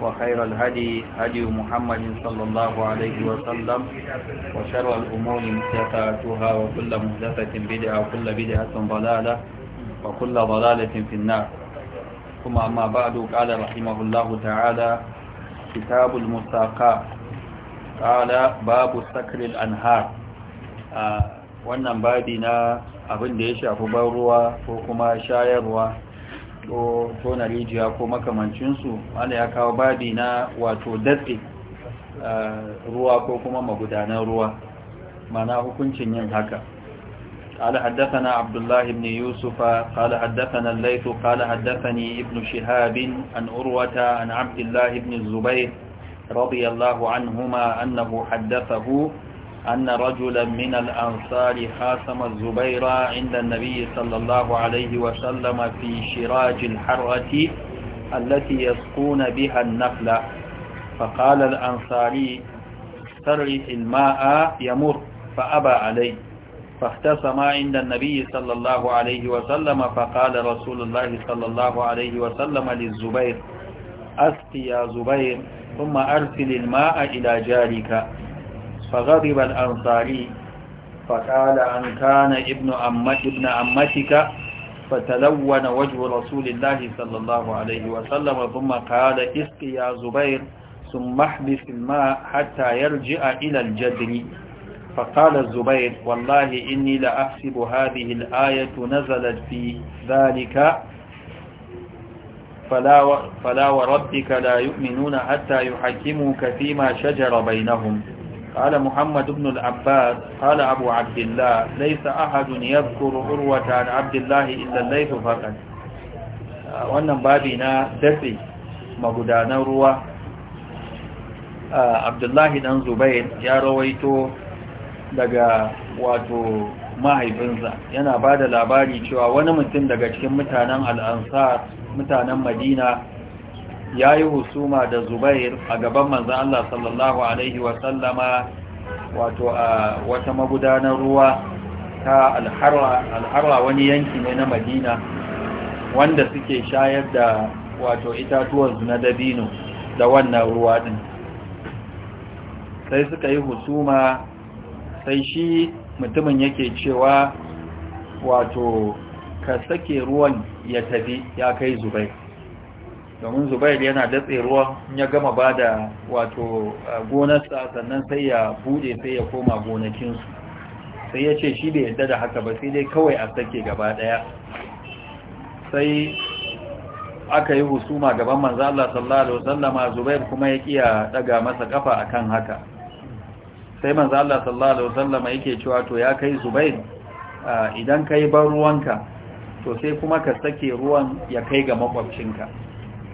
وخير الهدي هدي محمد صلى الله عليه وسلم وشر الأمور محدثاتها وكل محدثة بدعة وكل بدعة ضلالة وكل ضلالة في النار ثم أما بعد قال رحمه الله تعالى كتاب المساقات قال باب سكر الأنهار wannan babi na abin da ya shafi ban ruwa ko kuma shayarwa ko tona rijiya ko makamancinsu wanda ya kawo babi na wato datse eh, ruwa ko kuma magudanan ruwa mana hukuncin yin haka قال حدثنا عبد الله بن يوسف قال حدثنا الليث قال حدثني ابن شهاب عن أروة عن عبد الله بن الزبير رضي الله عنهما أنه حدثه أن رجلا من الأنصار خاصم الزبير عند النبي صلى الله عليه وسلم في شراج الحرة التي يسقون بها النخل فقال الأنصاري استرعي الماء يمر فأبى عليه فاختصما عند النبي صلى الله عليه وسلم فقال رسول الله صلى الله عليه وسلم للزبير أسقي يا زبير ثم أرسل الماء إلى جارك فغضب الأنصاري فقال أن كان ابن أمت ابن أمتك فتلون وجه رسول الله صلى الله عليه وسلم ثم قال اسق يا زبير ثم احبس الماء حتى يرجع إلى الجدر فقال الزبير والله إني لأحسب هذه الآية نزلت في ذلك فلا, فلا وربك لا يؤمنون حتى يحكموك فيما شجر بينهم قال محمد بن العباس قال أبو عبد الله ليس أحد يذكر عروة عن عبد الله إلا wannan babi na dafe magudanan ruwa abdullahi dan zubair ya rawaito daga wato mahaifinsa yana ba da labari cewa wani mutum daga cikin mutanen al'ansar mutanen madina ya yi husuma da zubair a gaban manzan Allah sallallahu Alaihi wasallama wato a wata magudanar ruwa ta alharwa wani yanki ne na madina wanda suke shayar da wato itatuwansu na dabino da wannan ruwa din sai suka yi husuma sai shi mutumin yake cewa wato ka sake ruwan ya tafi ya kai zubair domin zubair yana datse ruwa ya gama ba da wato uh, gonarsa sannan sai ya bude sai ya koma gonakinsu sai ya ce shi bai yadda da haka ba sai dai kawai a sake gaba daya sai aka yi husuma gaban manzo Allah sallallahu alaihi wasallam zubair kuma ya kiya daga masa kafa akan haka sai manzo Allah sallallahu alaihi wasallam yake cewa to ya kai zubair uh, idan kai ban ruwanka to sai kuma ka sake ruwan ya kai ga makwabcinka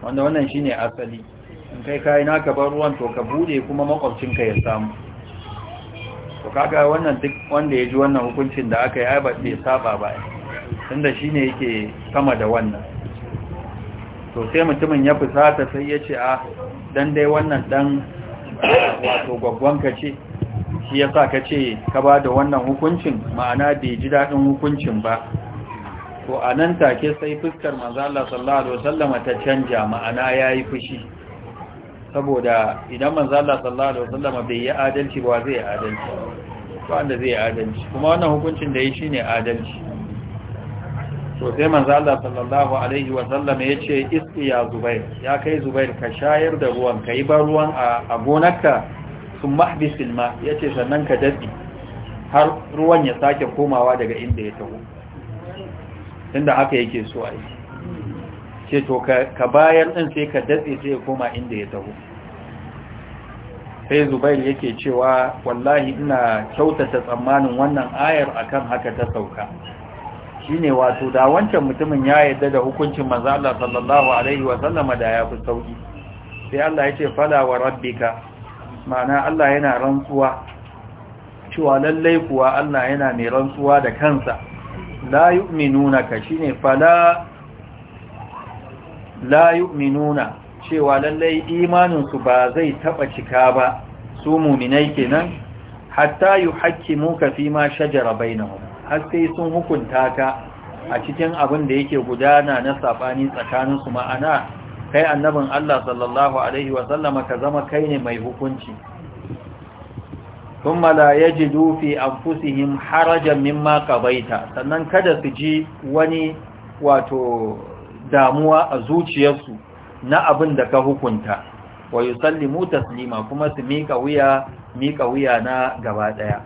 wanda wannan shine asali in kai kai naka bar ruwan to ka bude kuma makwabcinka ya samu to kaga wannan duk wanda ya ji wannan hukuncin da aka yi ai ba sai saba ba tunda shine yake sama da wannan to sai mutumin ya fusata sai ya ce a ah, dan dai wannan dan wato ka ce shi yasa ka ce ka ba da wannan hukuncin ma'ana bai ji daɗin hukuncin ba to a nan take sai fuskar manzala sallallahu alaihi wasallam ta canja ma'ana yayi fushi saboda idan manzala sallallahu alaihi wasallam bai yi adalci ba zai yi adalci to wanda zai yi adalci kuma wannan hukuncin da yi shine adalci to sai manzala sallallahu alaihi wasallam ya ce ya zubair ya kai zubair ka shayar da ruwan kai ba ruwan a gonarka sun mahbisil ma yace sannan ka dadi har ruwan ya sake komawa daga inda ya taho tunda aka yake so a yi ce to ka bayar ɗin sai ka datse sai ya koma inda ya taho sai zubair yake cewa wallahi ina kyautata tsammanin wannan ayar akan haka ta sauka Shi ne wato da wancan mutumin ya yarda da hukuncin maza Allah sallallahu alaihi wa da ya fi sauki sai Allah ya ce fala wa rabbika ma'ana Allah yana rantsuwa cewa lallai kuwa Allah yana mai rantsuwa da kansa la yu'minuna ka shine fala la yu'minuna cewa lallai imanin su ba zai taba cika ba su mu'minai kenan hatta yuhaqqimuka kafi ma shajara bainahum har sai sun hukunta ka a cikin abin da yake gudana na sabani tsakanin su ma'ana kai annabin Allah sallallahu alaihi wa sallama ka zama kai ne mai hukunci ثم لا يجدوا fi انفسهم harajan مما قضيت sannan kada su ji wani wato damuwa a zuciyarsu na abin da ka hukunta wa yusallimu taslima kuma su mika wuya mika wuya na gaba daya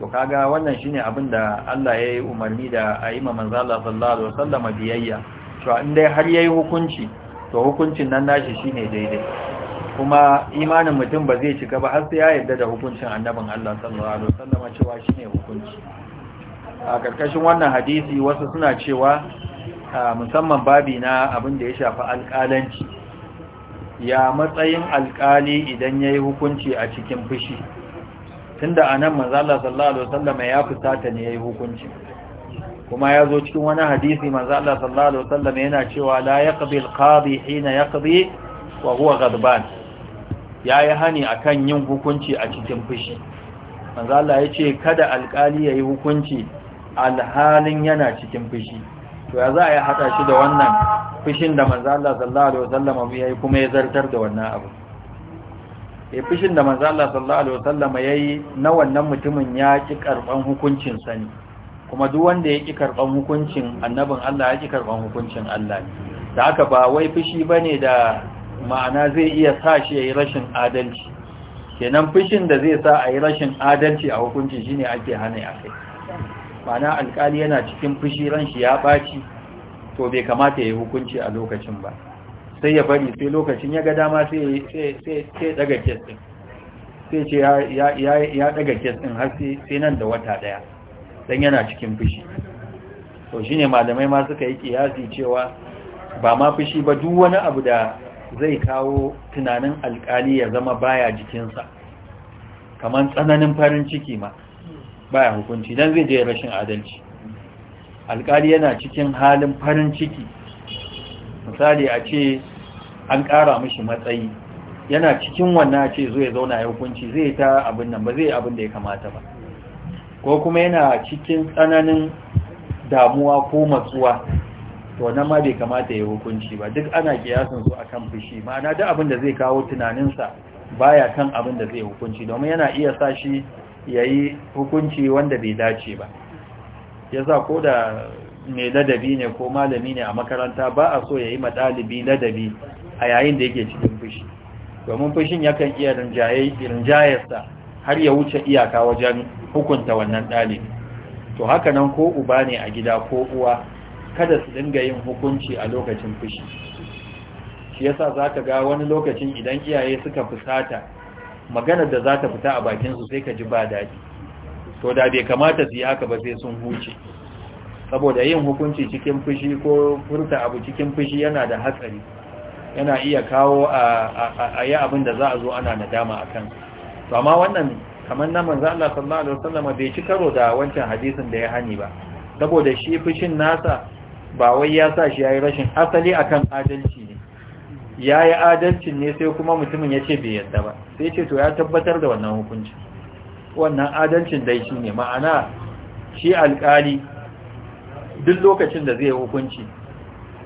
to kaga wannan shine abin da Allah yayi umarni da ayyuma manzo Allah sallallahu alaihi wasallam biyayya to in dai har yayi hukunci to hukuncin nan nashi shine daidai kuma imanin mutum ba zai cika ba har sai ya yarda da hukuncin annabin Allah sallallahu alaihi wasallam cewa shine hukunci a karkashin wannan hadisi wasu suna cewa musamman babi na abin da ya shafi alƙalanci ya matsayin alƙali idan yayi hukunci a cikin fushi tunda anan manzo Allah sallallahu alaihi wasallam ya fusata ne yayi hukunci kuma ya zo cikin wani hadisi manzo Allah sallallahu alaihi wasallam yana cewa la yaqbil qadi hina yaqdi wa huwa ghadban ya yi hani a kan yin hukunci a cikin fushi manzo Allah ya ce kada alƙali ya yi hukunci alhalin yana cikin fushi to ya za a yi haɗa shi da wannan fushin da manzo Allah sallallahu alaihi wasallam abu yayi kuma ya zartar da wannan abu e fushin da manzo Allah sallallahu alaihi wasallam yayi na wannan mutumin ya ki karban hukuncin sa ne kuma duk wanda ya ki karban hukuncin annabin Allah ya ki karban hukuncin Allah da haka ba wai fushi bane da ma'ana zai iya sa shi ya yi rashin adalci kenan fushin da zai sa a yi rashin adalci a hukunci shine ake hana a kai ma'ana alkali yana cikin fushi ran shi ya ɓaci to bai kamata ya yi hukunci a lokacin ba sai ya bari sai lokacin ya ga dama sai ya daga kes ɗin sai ce ya daga kes ɗin har sai nan da wata ɗaya Dan yana cikin fushi to shi malamai ma suka yi kiyasi cewa ba ma fushi ba duk wani abu da zai kawo tunanin alkali ya zama baya jikinsa kamar tsananin farin ciki ma baya hukunci don zai je rashin adalci alkali yana cikin halin farin ciki misali a ce an ƙara mashi matsayi yana cikin wannan ce zai zauna ya hukunci zai ta abin nan ba zai abin da ya kamata ba ko kuma yana cikin tsananin damuwa ko matsuwa to wannan ma bai kamata ya hukunci ba duk ana kiyasin su akan fushi ma'ana duk abin da zai kawo tunaninsa baya kan abin da zai hukunci domin yana iya sa shi yayi hukunci wanda bai dace ba yasa ko da mai ladabi ne ko malami ne a makaranta ba a so yayi madalibi ladabi a yayin da yake cikin fushi domin fushin yakan iya rinjaye rinjayarsa har ya wuce iyaka wajen hukunta wannan ɗalibi to haka nan ko uba ne a gida ko uwa kada su dinga yin hukunci a lokacin fushi shi yasa zaka ga wani lokacin idan iyaye suka fusata maganar da za ta fita a bakinsu sai ka ji ba daɗi to da bai kamata su yi haka ba sai sun huce saboda yin hukunci cikin fushi ko furta abu cikin fushi yana da hatsari yana iya kawo a yi abin da za a zo ana nadama a kan to amma wannan kamar na manzo Allah sallallahu alaihi wasallam bai ci karo da wancan hadisin da ya hani ba saboda shi fushin nasa ba wai ya sa shi ya yi rashin asali a kan adalci ne ya yi adalcin ne sai kuma mutumin ya ce bai yadda ba sai ce to ya tabbatar da wannan hukuncin wannan adalcin dai shi ne ma'ana shi alkali duk lokacin da zai hukunci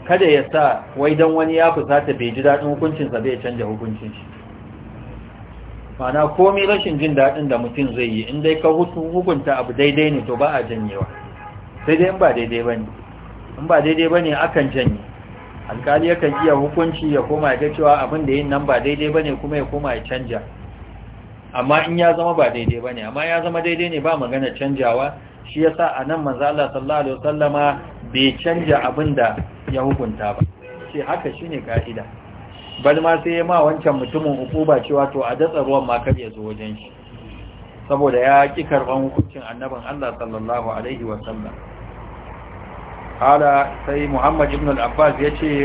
kada ya sa wai don wani ya fusata bai ji daɗin hukuncinsa bai canja hukuncin shi mana komai rashin jin daɗin da mutum zai yi in dai ka hukunta abu daidai ne to ba a janyewa sai dai in ba daidai ba ne in ba daidai ba ne akan janye alkali yakan iya hukunci ya koma ya cewa abin da yin nan ba daidai ba ne kuma ya koma ya canja amma in ya zama ba daidai ba ne amma ya zama daidai ne ba magana canjawa shi ya sa a nan manzala sallallahu alaihi wasallama bai canja abin da ya hukunta ba ce haka shi ne ka'ida bal ma sai ya ma wancan mutumin hukuba cewa to a datsa ruwan ma kar ya zo wajen shi saboda ya ƙi karɓan hukuncin annabin Allah sallallahu alaihi wasallam ala sai muhammad ibn al-abbas ya ce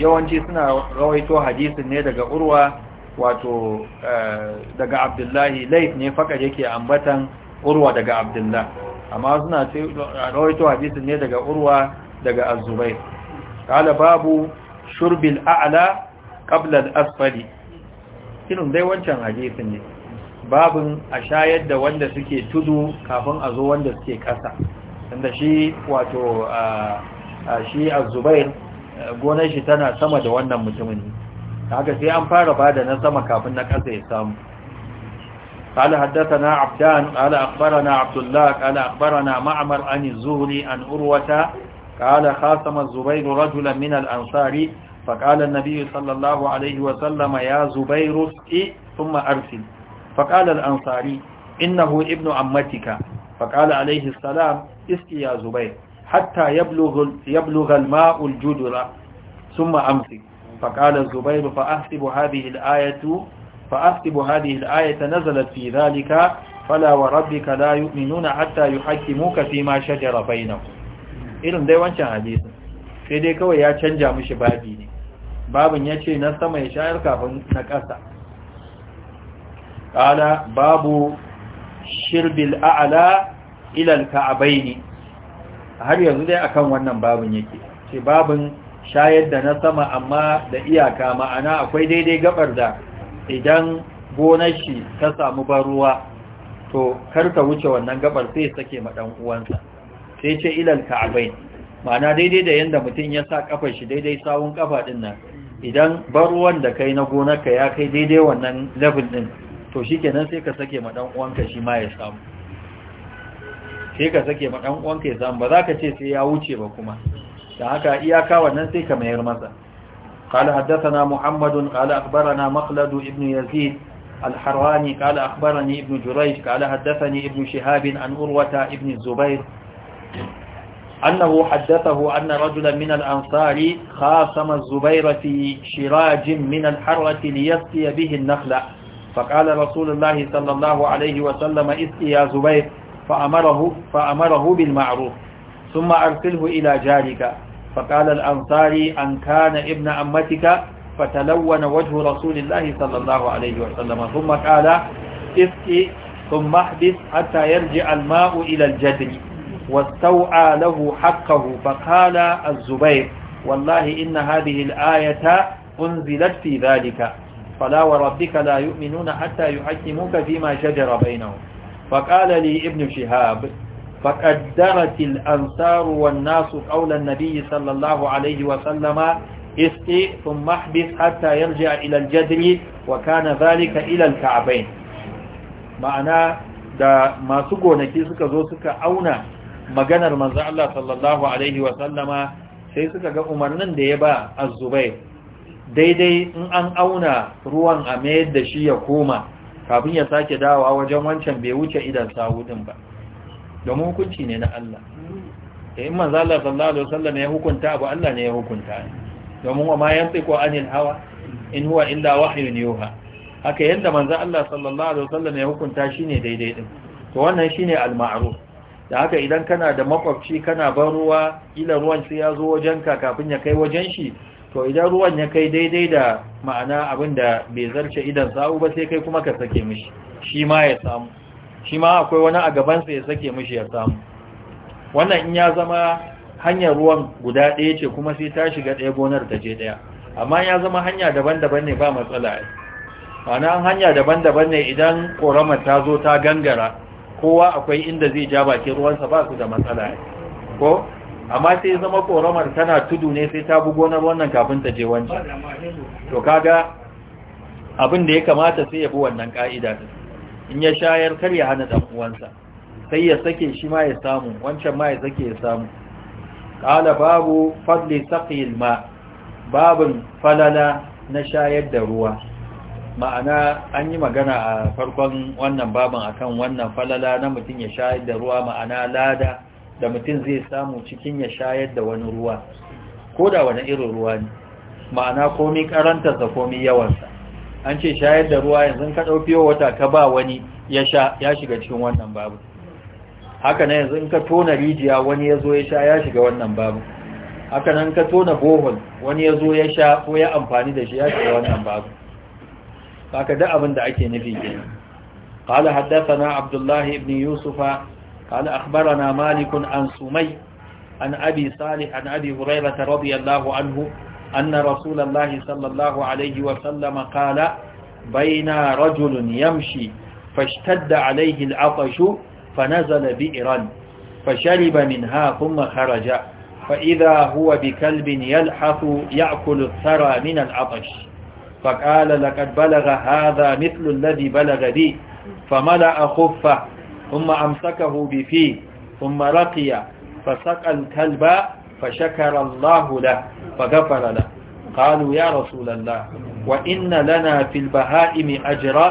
yawanci suna rawaito hadisin ne daga urwa wato eh, daga abdullahi laif ne fakar yake ambatan urwa daga abdullahi amma suna rawaito hadisin ne daga urwa daga azubai kala babu shurbil a'la qabla al-asfali irin dai wancan hadisin ne babin a shayar da wanda suke tudu kafin a zo wanda suke kasa tunda shi wato shi azubair gonar shi tana sama da wannan mutumin haka sai an fara bada na sama kafin na ƙasa ya samu قال حدثنا عبدان قال أخبرنا عبد الله قال أخبرنا معمر عن الزهري عن أروة قال خاصم الزبير رجلا من الأنصار فقال النبي صلى الله عليه وسلم يا زبير اسقي ثم أرسل فقال الأنصاري إنه ابن عمتك فقال عليه السلام iski ya zubai hatta yablugal ma'ul judura summa amsi fa qala zubayr fa ahsibu hadhihi al ayatu fa ahsibu hadhihi al ayata nazalat fi dhalika fala wa rabbika la yu'minuna hatta yuhaqqimuka fi ma shajara bainahum irin dai wancan hadisi sai dai kawai ya canja mashi babi ne babin yace na sama ya shayar kafin na kasa qala babu shirbil a'la ilal ka'abaini har yanzu dai akan wannan babin yake ce babin shayar da na sama amma da iyaka ma'ana akwai daidai gabar da idan gonar shi ta samu ban ruwa to karka wuce wannan gabar sai sake ma dan uwansa sai ce ilal ka'abain ma'ana daidai da yanda mutum ya sa kafar shi daidai sawun kafa din nan idan ban ruwan da kai na gonarka ya kai daidai wannan level din to shikenan sai ka sake ma dan uwanka shi ma ya samu sai ka sake ma dan uwanka ya samu ba za ka ce sai ya wuce ba kuma da haka iyaka wannan sai ka mayar masa قال حدثنا محمد قال أخبرنا مخلد ابن يزيد الحراني قال أخبرني ابن جريج قال حدثني ابن شهاب عن أروة ابن الزبير أنه حدثه أن رجلا من الأنصار خاصم الزبير في شراج من الحرة ليسقي به النخلة فقال رسول الله صلى الله عليه وسلم اسقي يا زبير فأمره, فأمره بالمعروف ثم أرسله إلى جارك فقال الأنصاري أن كان ابن أمتك فتلون وجه رسول الله صلى الله عليه وسلم ثم قال اسقي ثم احبس حتى يرجع الماء إلى الجدر واستوعى له حقه فقال الزبير والله إن هذه الآية أنزلت في ذلك فلا وربك لا يؤمنون حتى يحكموك فيما شجر بينهم فقال لي ابن شهاب فقدرت الأنصار والناس قول النبي صلى الله عليه وسلم اسقي ثم احبس حتى يرجع إلى الجدر وكان ذلك إلى الكعبين معنى da masu gonaki suka zo suka auna maganar manzo Allah sallallahu alaihi wa sallama sai suka ga umarnin da ya ba az-Zubair daidai in an auna ruwan a mayar da shi ya koma kafin ya sake dawowa wajen wancan bai wuce idan sawudin ba domin hukunci ne na Allah eh, in manzo Allah sallallahu alaihi wasallam ya hukunta abu Allah ne ya hukunta domin wa ma yantiqu anil hawa in huwa illa wahyun yuha haka yanda manzo Allah sallallahu alaihi wasallam ya hukunta shine daidai din to wannan shine al-ma'ruf da haka idan kana da makwabci kana ban ruwa ila ruwan sai ya zo wajenka kafin ya kai wajen shi to idan ruwan ya kai daidai da ma'ana abin da bai zarce idan sa'u ba sai kai kuma ka sake mishi shi ma ya samu shi ma akwai wani a gabansa ya sake mishi ya samu wannan in ya zama hanyar ruwan guda ɗaya ce kuma sai ta shiga ɗaya gonar ta je ɗaya amma ya zama hanya daban-daban ne ba matsala ai ma'ana hanya daban-daban ne idan ƙoramar ta zo ta gangara kowa akwai inda zai ja bakin ruwansa ba su da matsala ai ko amma sai ya zama koramar tana tudu ne sai ta bugo na wannan kafin ta je wancan to kaga abin da ya kamata sai ya bi wannan ka'ida in ya shayar kar ya hana dan uwansa sai ya sake shi ma ya samu wancan ma ya sake ya samu qala babu fadli saqil ma babun falala na shayar da ruwa ma'ana an yi magana a farkon wannan baban akan wannan falala na mutum ya shayar da ruwa ma'ana lada da mutum zai samu cikin ya shayar da wani ruwa ko da wani irin ruwa ne ma'ana komi karantarsa komi yawansa an ce shayar da ruwa yanzu ka ɗaufiyo wata ka ba wani ya sha ya shiga cikin wannan babu haka nan yanzu ka tona rijiya wani ya zo ya sha ya shiga wannan babu haka nan ka tona bohol wani ya zo ya sha ko ya amfani da shi ya shiga wannan babu haka da abin da ake nufi kenan قال حدثنا عبد الله بن يوسف قال أخبرنا مالك عن سمي عن أبي صالح عن أبي هريرة رضي الله عنه أن رسول الله صلى الله عليه وسلم قال بين رجل يمشي فاشتد عليه العطش فنزل بئرا فشرب منها ثم خرج فإذا هو بكلب يلحث يأكل الثرى من العطش فقال لقد بلغ هذا مثل الذي بلغ بي فملأ خفه ثم أمسكه بفيه ثم رقي فسقى الكلب فشكر الله له فغفر له قالوا يا رسول الله وإن لنا في البهائم أجرا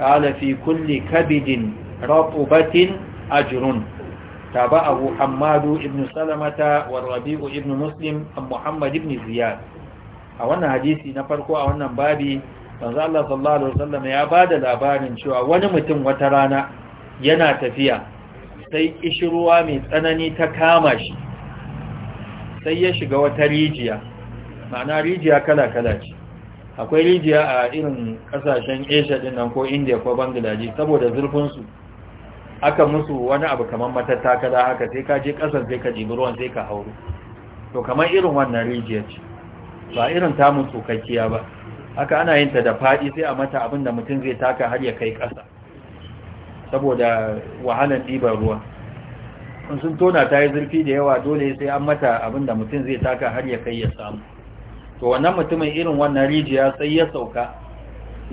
قال في كل كبد رطبة أجر تابعه حماد بن سلمة والربيع بن مسلم محمد بن زياد a wannan hadisi na farko a wannan babi manzo Allah sallallahu alaihi wasallam ya bada labarin cewa wani mutum wata rana yana tafiya sai ƙishirwa mai tsanani ta kama shi sai ya shiga wata rijiya ma'ana rijiya kala-kala ce akwai rijiya a irin kasashen asia din nan ko india ko bangladesh saboda zurfinsu aka musu wani abu kamar matattakala haka sai ka je ƙasar sai ka jibi ruwan sai ka hauro to kamar irin wannan rijiya ce ba irin tamun tsokakkiya ba haka ana yin ta da faɗi sai a mata abin da mutum zai taka har ya kai ƙasa saboda wahalar ɗiban ruwa in sun tona ta yi zurfi da yawa dole sai an mata abinda mutum zai taka har ya kai ya samu to wannan mutumin irin wannan rijiya sai ya sauka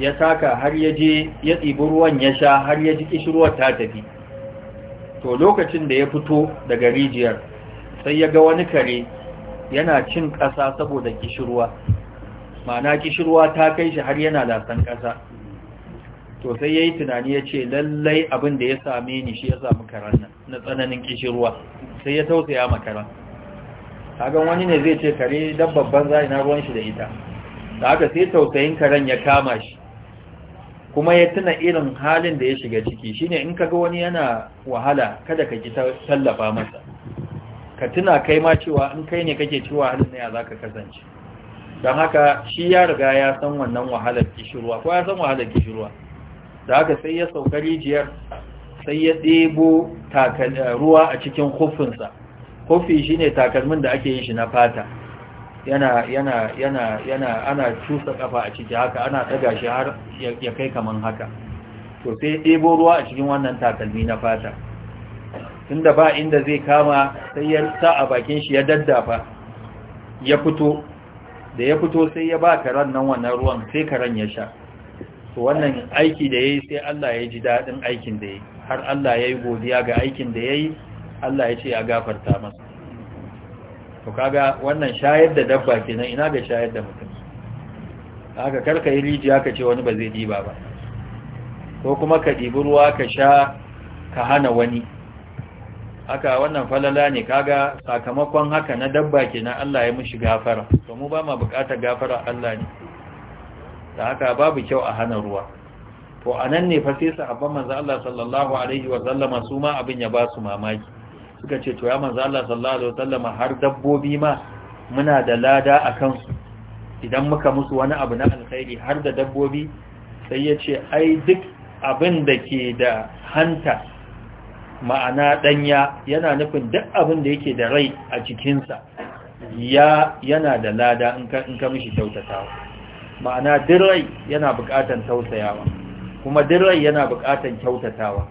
ya taka har ya je ya ɗibi ruwan ya sha har ya ji kishirwar ta tafi to lokacin da ya fito daga rijiyar sai ya ga wani kare yana cin ƙasa saboda kishirwa ma'ana kishirwa ta kai shi har yana lasan ƙasa to sai yayi tunani ya ce lallai abin da ya same ni shi ya samu karan nan na tsananin kishirwa sai ya tausaya makaran kagan wani ne zai ce kare dabbabban zai na ruwan shi da ita da haka sai tausayin karen ya kama shi kuma ya tuna irin halin da ya shiga ciki shine in kaga wani yana wahala kada ka ki tallafa masa ka tuna kai ma cewa in kai ne kake ci halin ne ya zaka kasance don haka shi ya riga ya san wannan wahalar kishirwa ko ya san wahalar kishirwa da haka sai ya sauka rijiyar sai ya ɗebo eh, ruwa a cikin kofinsa kofi shi ne takalmin da ake yin shi na fata yana yana yana yana ana cusa kafa a ciki haka ana ɗaga shi har ya kai kaman haka to sai ɗebo ruwa a cikin wannan takalmi na fata tunda ba inda zai kama sai ya sa a bakin shi ya daddafa ya fito da ya fito sai ya ba karen nan wannan ruwan sai karen ya sha to wannan aiki da yayi sai Allah ya ji dadin aikin da yayi har Allah yayi godiya ga aikin da yayi Allah ya ce ya gafarta masa to kaga wannan shayar da dabba kenan ina ga shayar da mutum haka karka yi rijiya ka ce wani ba zai diba ba ko kuma ka dibi ruwa ka sha ka hana wani haka wannan falala ne kaga sakamakon haka na dabba kenan Allah ya mishi gafara to mu ba ma bukatar gafara Allah ne da haka babu kyau a hana ruwa to anan ne fa sai sahabban manzo Allah sallallahu alaihi wa sallama su ma abin ya ba su mamaki suka ce to ya manzo Allah sallallahu alaihi wa sallama har dabbobi ma muna da lada akan su idan muka musu wani abu na alkhairi har da dabbobi sai ya ce ai duk abin da ke da hanta ma'ana danya yana nufin duk abin da yake da rai a cikinsa ya yana da lada in ka mishi kyautatawa ma'ana dirrai yana buƙatar tausayawa kuma dirrai yana buƙatar kyautatawa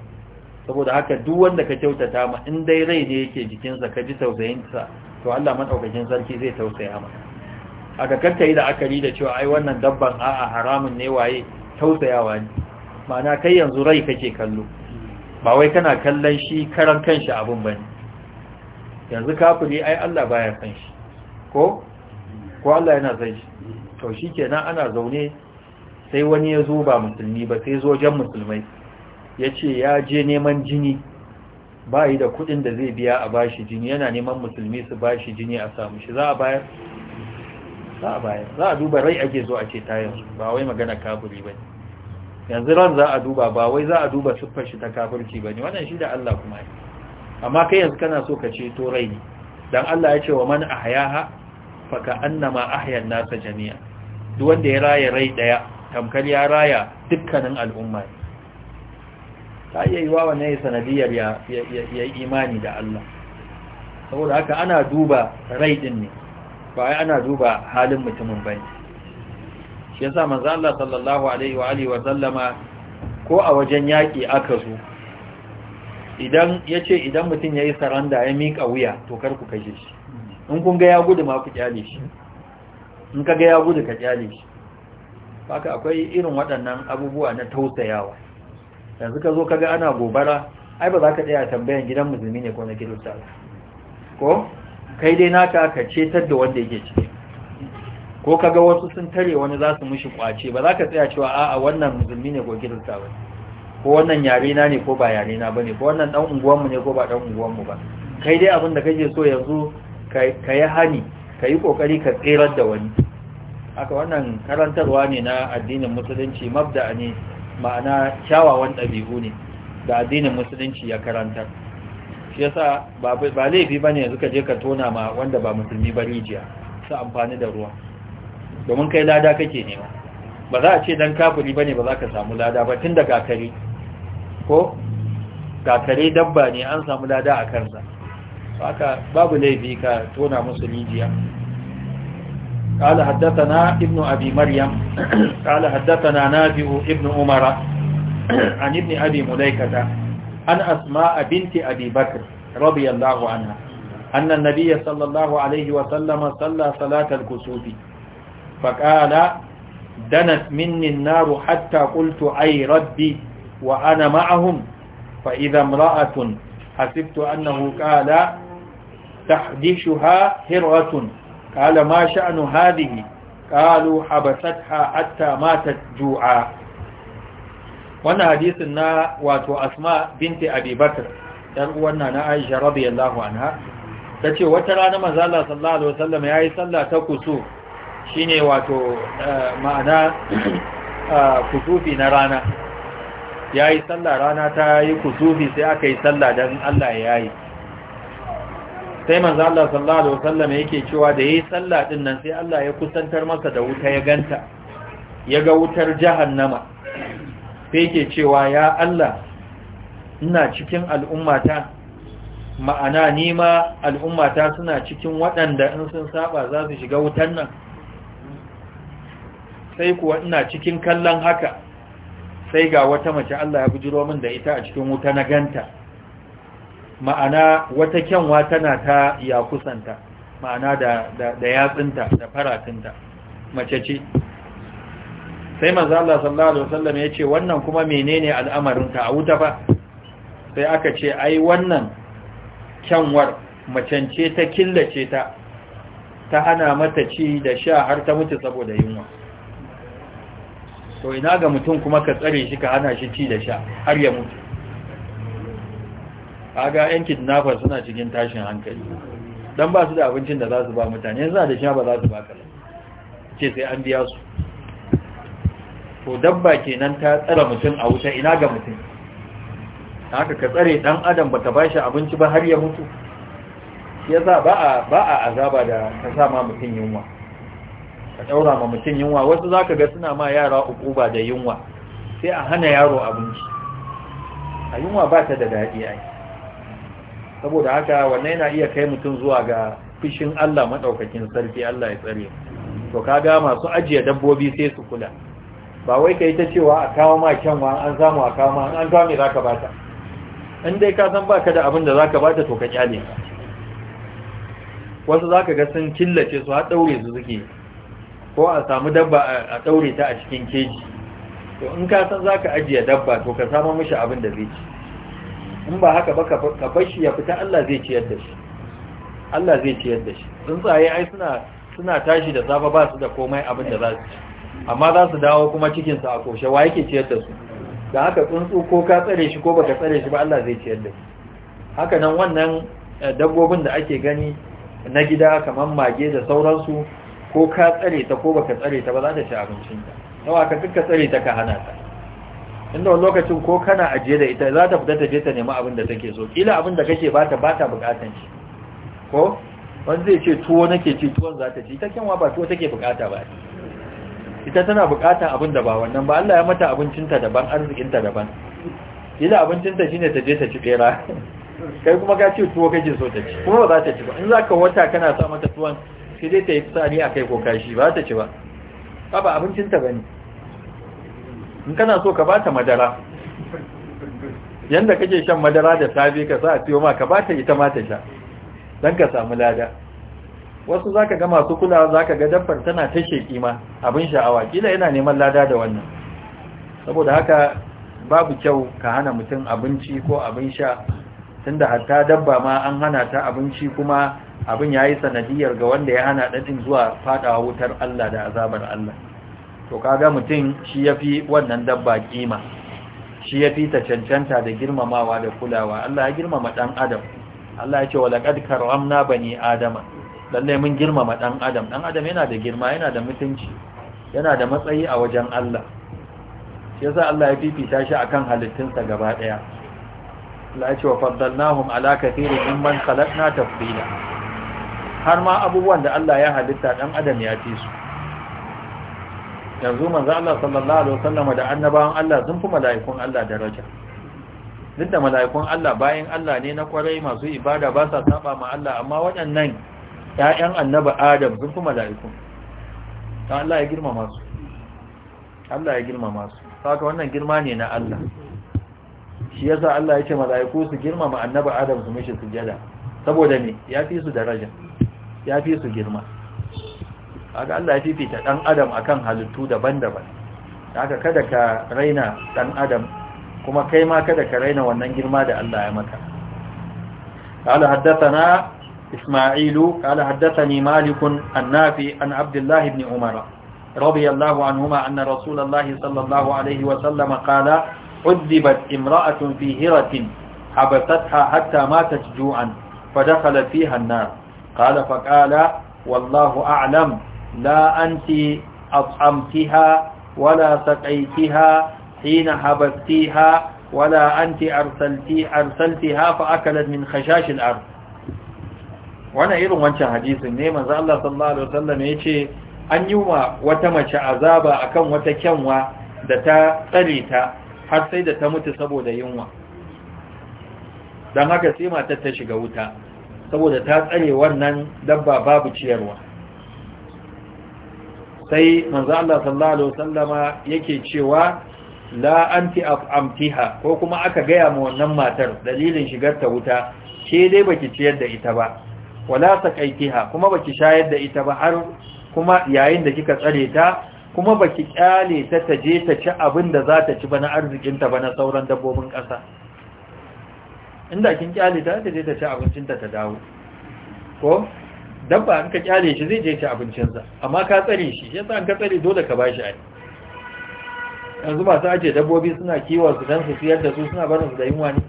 saboda haka duk wanda ka kyautata ma in dai rai ne yake jikinsa ka ji tausayinsa to Allah madaukakin sarki zai tausaya maka aka yi la'akari da cewa ai wannan dabban a'a haramun ne waye tausayawa ne ma'ana kai yanzu rai kake kallo ba wai kana kallon shi karan kanshi abin bane yanzu kafiri ai Allah baya san shi ko ko Allah yana san shi to shi kenan ana zaune sai wani ya zo ba musulmi ba sai zo jan musulmai ya ce ya je neman jini ba yi da kudin da zai biya a bashi jini yana neman musulmi su bashi jini a samu shi za a bayar za a bayar za a duba rai ake zo a ce tayansu ba wai magana kaburi ba ne. yanzu ran za a duba ba wai za a duba siffar shi ta kafirci ba ne wannan shi da Allah kuma ne amma kai yanzu kana so ka ce to rai ne dan Allah ya ce wa man ahyaha fa ka annama ahya an-nasa jami'a duk wanda ya raya rai daya tamkar ya raya dukkanin al'umma ta iya yi wa sanadiyyar sanadiyar ya yi imani da Allah saboda haka ana duba rai din ne ba ya ana duba halin mutumin bane shi yasa manzo Allah sallallahu alaihi wa wa sallama ko a wajen yaƙi aka zo idan ce idan mutum ya yi saranda ya mika wuya to kar ku kashe shi in kun ga ya gudu ma ku kyale shi in kaga ya gudu ka jale shi haka akwai irin waɗannan abubuwa na tausayawa yanzu ka zo kaga ana gobara ai ba za ka tsaya tambayan gidan musulmi ne ko na kirista ko kai dai naka ka cetar da wanda yake ciki ko kaga wasu sun tare wani za su mushi kwace ba za ka tsaya cewa a'a wannan musulmi ne ko kirista ba ko wannan yare ne ko ba yare na bane ko wannan dan unguwanmu ne ko ba dan unguwanmu ba kai dai abin da kake so yanzu ka yi hani ka yi ƙoƙari ka tserar da wani haka wannan karantarwa ne na addinin musulunci mabda ne ma'ana kyawawan ɗabi'u ne da addinin musulunci ya karantar shi yasa ba laifi ba ne suka je ka tona ma wanda ba musulmi ba rijiya su amfani da ruwa domin kai lada kake nema ba za a ce dan kafuri ba ne ba za ka samu lada ba tun da kakare ko gakare dabba ne an samu lada a kansa haka babu laifi ka tona musu rijiya قال حدثنا ابن أبي مريم قال حدثنا نافع ابن عمر عن ابن أبي مليكة عن أسماء بنت أبي بكر رضي الله عنها أن النبي صلى الله عليه وسلم صلى صلاة الكسوف فقال دنت مني النار حتى قلت أي ربي وأنا معهم فإذا امرأة حسبت أنه قال تحدشها هرة قال ما شأن هذه قالوا حبستها حتى ماتت جوعا wannan hadisin na wato asma binti Abibakar, ɗan uwanna na aisha rabi radiyallahu anha ta ce wata rana manzala sallallahu alaihi wasallam ya yi sallah ta kusu shine wato ma'ana kusufi na rana ya yi sallah rana ta yi kusufi sai aka yi sallah don allah ya yi sai manzo Allah sallallahu alaihi wasallam yake cewa da yayi sallah din nan sai Allah ya kusantar masa da wuta ya ganta ya ga wutar jahannama sai yake cewa ya Allah ina cikin al'ummata ma'ana ni ma al'ummata suna cikin waɗanda in sun saba za su shiga wutan nan sai kuwa ina cikin kallon haka sai ga wata mace Allah ya bujiro min da ita a cikin wuta na ganta ma'ana wata kyanwa tana ta ya kusanta ma'ana da, da, da yatsinta da faratinta mace ce sai manzo Allah sallallahu alaihi wasallam ya ce wannan kuma menene al'amarin ta a wuta fa? sai aka ce ai wannan kyanwar macence ta killace ta ta hana mata ci da sha har ta mutu saboda yunwa to ina ga mutum kuma ka tsare shi ka hana shi ci da sha har ya mutu kaga yan kidnapper suna cikin tashin hankali dan ba su da abincin da za su ba mutane yanzu da sha ba za su ba kala ce sai an biya su to dabba kenan ta tsara mutum a wuta ina ga mutum haka ka tsare dan adam ba ta bashi abinci ba har ya mutu yasa ba a ba a azaba da ka sa ma mutum yunwa ka daura ma mutum yunwa wasu zaka ga suna ma yara ukuba da yunwa sai a hana yaro abinci a yunwa ba ta da daɗi ai saboda haka wannan yana iya kai mutum zuwa ga fishin Allah madaukakin sarki Allah ya tsare to kaga masu ajiye dabbobi sai su kula ba wai kai ta cewa a kawo ma kyanwa an samu a kawo ma an kawo me zaka bata in dai ka san baka da abin da zaka bata to ka kyale wasu zaka ga sun killace su har daure su suke ko a samu dabba a daure ta a cikin keji to in ka san zaka ajiye dabba to ka samu mishi abin da zai ci in ba haka ba ka bashi ya fita Allah zai ciyar da shi Allah zai ciyar da shi tsuntsaye ai suna suna tashi da safa ba su da komai abin da za su amma za su dawo kuma cikin su a koshe wa yake ciyar da su dan haka tsuntsu ko ka tsare shi ko baka tsare shi ba Allah zai ciyar da shi haka nan wannan eh, dabbobin da ake gani na gida kamar mage da sauransu ko ka tsare ta ko baka tsare ta ba za ta ci ta yawa ka tsare ta ka hana ta inda lokacin ko kana ajiye da ita za ta fita ta je ta nemi abin da take so kila abin da kake bata bata bukatan shi ko wanda zai ce tuwo nake ci tuwon za ta ci ta kyanwa ba tuwo take bukata ba ita tana bukata abin da ba wannan ba Allah ya mata abincinta daban arzikinta daban kila abincinta shine ta je ta ci bera kai kuma ka ce tuwo kake so ta ci kuma ba za ta ci ba in za ka wata kana sa mata tuwon sai dai ta yi tsari a kai ko kashi ba ta ci ba ba abincinta bane in kana so ka bata madara yanda kake shan madara da safe ka sa a siyo ma ka bata ita ma ta sha dan ka samu lada wasu zaka ga masu kulawa zaka ga dabbar tana ta sheki ma abin sha'awa kila yana neman lada da wannan saboda haka babu kyau ka hana mutum abinci ko abin sha tunda hatta dabba ma an hana ta abinci kuma abin yayi sanadiyar ga wanda ya hana dadin zuwa faɗawa wutar Allah da azabar Allah to kaga mutum shi ya fi wannan dabba kima shi ya fi ta cancanta da girmamawa da kulawa Allah ya girmama ɗan adam Allah ya ce walaƙad karamna bani adama lallai mun girmama ɗan adam ɗan adam yana da girma yana da mutunci yana da matsayi a wajen Allah shi yasa Allah ya fifita shi akan halittunsa gaba ɗaya Allah ya ce wa faddalnahum ala kathirin na khalaqna tafdila har ma abubuwan da Allah ya halitta ɗan adam ya fi su yanzu manzo Allah sallallahu alaihi wasallam da annabawan Allah sun fi mala'ikun Allah daraja duk da mala'ikun Allah bayan Allah ne na kwarai masu ibada ba sa saba ma Allah amma waɗannan ƴaƴan annabi Adam sun fi mala'ikun to Allah ya girmama su Allah ya girmama su saka wannan girma ne na Allah shi yasa Allah ya ce mala'iku su girmama annabi Adam su mishi sujada saboda me ya fi su daraja ya fi su girma haka Allah ya fifita ɗan adam a halittu daban-daban haka kada ka raina ɗan adam kuma kai ma kada ka raina wannan girma da Allah ya maka ƙala haddatana malikun annafi an abdullahi ibn anna rasulallahi sallallahu alaihi imra'atun fi hiratin hatta matat ju'an fa dakhala fiha an-nar a'lam لا أنت أطعمتها ولا سقيتها حين حبستيها ولا أنت أرسلتها فأكلت من خشاش الأرض وانا إيرو وانشا حديث نيما زال الله صلى الله عليه وسلم يشي an yi wa wata mace azaba kan wata kyanwa da ta tsare ta har sai da ta mutu saboda yunwa don haka sai matar ta shiga wuta saboda ta tsare wannan dabba babu ciyarwa sai manzo Allah sallallahu alaihi wasallama yake cewa la anti amtiha ko kuma aka gaya ma wannan matar dalilin shigar ta wuta ke dai baki ciyar da ita ba wala saqaitiha kuma baki shayar da ita ba har kuma yayin da kika tsare ta kuma baki kyale ta taje ta ci abin da za ta ci ba na arzikin ta ba sauran dabbobin ƙasa inda kin kyale ta taje ta ci abincin ta ta dawo ko dabba an ka kyale shi zai je ci abincinsa amma ka tsare shi yasa an ka tsare dole ka bashi ai yanzu masu ajiye dabbobi suna kiwon su don su siyar da su suna barin su da yunwa ne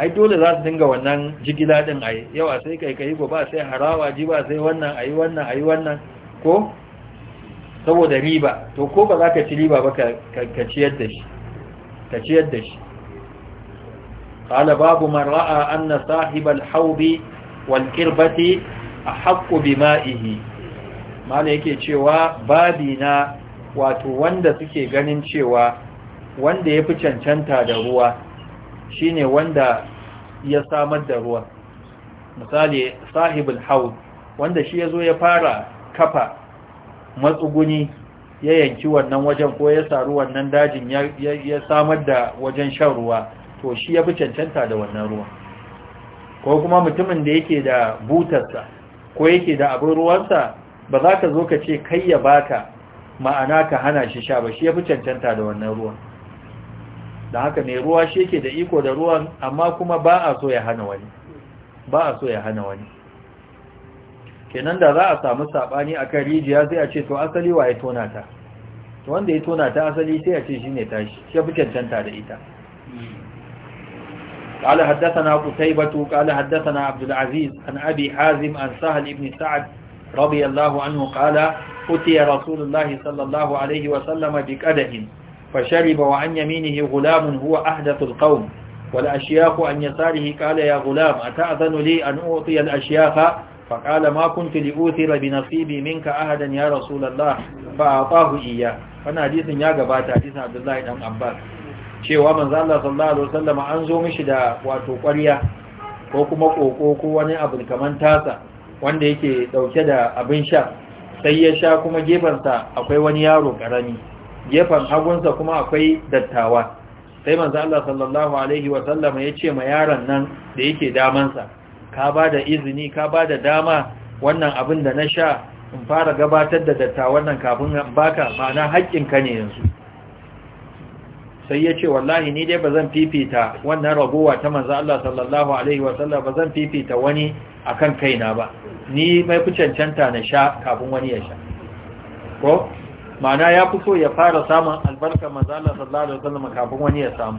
ai dole za su dinga wannan jigila din ai yau a sai kai ko ba sai harawa ji ba sai wannan yi wannan yi wannan ko saboda riba to ko ba za ka ci riba ba ka ciyar da shi ka ciyar da shi قال باب من رأى أن صاحب الحوض والكربة a haƙƙo bi ma'ihi mana yake cewa babina, wato wanda suke ganin cewa wanda ya fi cancanta da ruwa shine wanda ya samar da ruwa misali sahibul haud wanda shi ya zo ya fara kafa matsuguni ya yanki wannan wajen ko ya saru wannan dajin ya samar da wajen shan ruwa to shi ya fi cancanta da wannan ruwa ko kuma mutumin da yake da butarsa ko yake da abin ruwansa ba za ka zo ka ce kai ya baka ma'ana ka hana shi sha ba shi ya fi cancanta da wannan ruwan da haka mai ruwa shi yake da iko da ruwan amma kuma ba a so ya hana wani ba a so ya hana wani kenan da za a samu sabani kan rijiya sai a ce to asali wa ya tona ta wanda ya tona ta asali sai a ce shi ne tashi shi ya fi cancanta da ita قال حدثنا قتيبة قال حدثنا عبد العزيز عن أبي حازم عن سهل بن سعد رضي الله عنه قال أتي رسول الله صلى الله عليه وسلم بكده فشرب وعن يمينه غلام هو أحدث القوم والأشياخ عن يساره قال يا غلام أتأذن لي أن أعطي الأشياخ فقال ما كنت لأوثر بنصيبي منك أهدا يا رسول الله فأعطاه إياه فأنا حديث يا قبات حديث عبد الله بن عباس cewa manzo Allah sallallahu alaihi wasallam an zo mishi da wato ƙwarya ko kuma koko ko wani abu kaman tasa wanda yake dauke da abin sha sai ya sha kuma gefansa akwai wani yaro karami gefan hagunsa kuma akwai dattawa sai manzo Allah sallallahu alaihi wasallam ya ce ma yaron nan da yake daman sa, ka ba da izini ka ba da dama wannan abin da na sha in fara gabatar da dattawan nan kafin baka ma'ana haƙƙinka ne yanzu sai ya ce wallahi ni dai ba zan fifita wannan ragowa ta manzo Allah sallallahu alaihi wasallam ba zan fifita wani akan kaina ba ni mai kucancanta na sha kafin wani ya sha ko ma'ana ya fi so ya fara samun albarka manzo Allah sallallahu alaihi wasallam kafin wani ya samu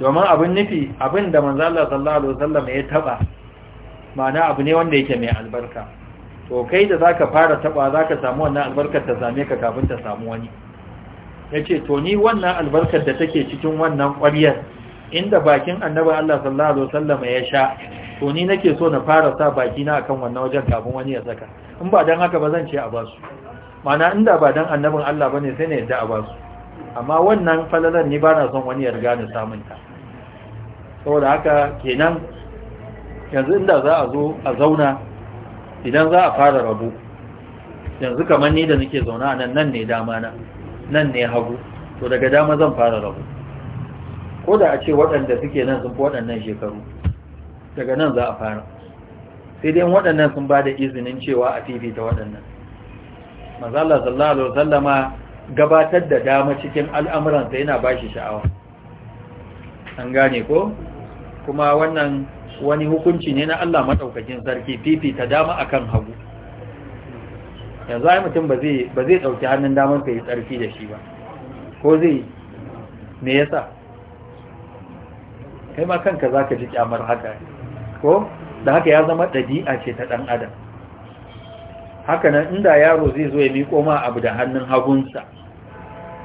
domin abin nufi abin da manzo Allah sallallahu alaihi wasallam ya taba ma'ana abu ne wanda yake mai albarka to kai da zaka fara taba zaka samu wannan albarkar ta same ka kafin ta samu wani ya ce to ni wannan albarkar da take cikin wannan ƙwariyar inda bakin annaba Allah sallallahu alaihi wasallam ya sha to ni nake so na fara sa baki na akan wannan wajen kafin wani ya saka in ba dan haka ba zan ce a basu mana inda ba dan annabin Allah bane sai ne yadda a basu amma wannan falalar ni ba na son wani ya riga ni samun ta saboda haka kenan yanzu inda za a zo a zauna idan za a fara rabu yanzu kamar ni da nake zauna nan nan ne dama na nan ne hagu to daga dama zan fara rabu ko da a ce waɗanda suke nan sun fi waɗannan shekaru daga nan za a fara sai dai waɗannan sun ba da izinin cewa a fifita waɗannan mazala sallallahu alaihi gabatar da dama cikin al'amuransa yana ba shi sha'awa an gane ko kuma wannan wani hukunci ne na Allah maɗaukakin sarki fifita dama akan hagu yanzu ai mutum ba zai ɗauki hannun daman ka yi tsarki da shi ba ko zai me yasa kai ma kanka zaka ji kyamar haka ko da haka ya zama ɗabi'a ce ta ɗan adam haka nan inda yaro zai zo ya miƙo ma abu da hannun hagunsa